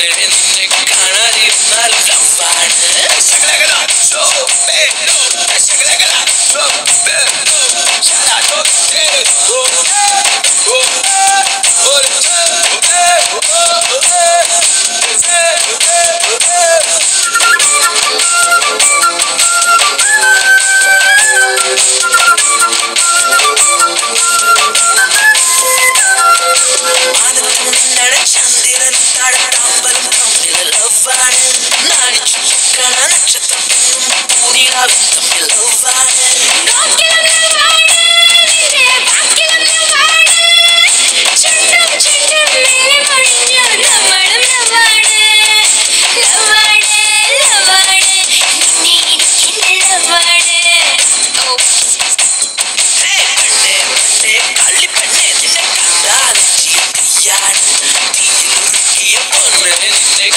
da da da I am not a chicken, i I'm not a I'm not I'm not a chicken, i